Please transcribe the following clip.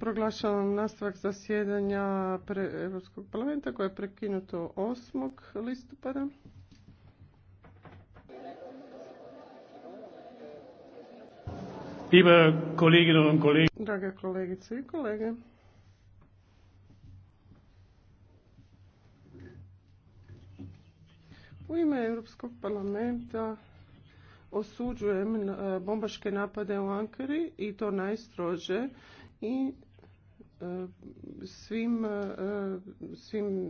Proglašavam nastavak zasjedanja Europskog parlamenta koje je prekinuto 8. listopada. Drage kolegice i kolege, u ime Europskog parlamenta osuđujem eh, bombaške napade u Ankari i to najstrože i e, svim, e,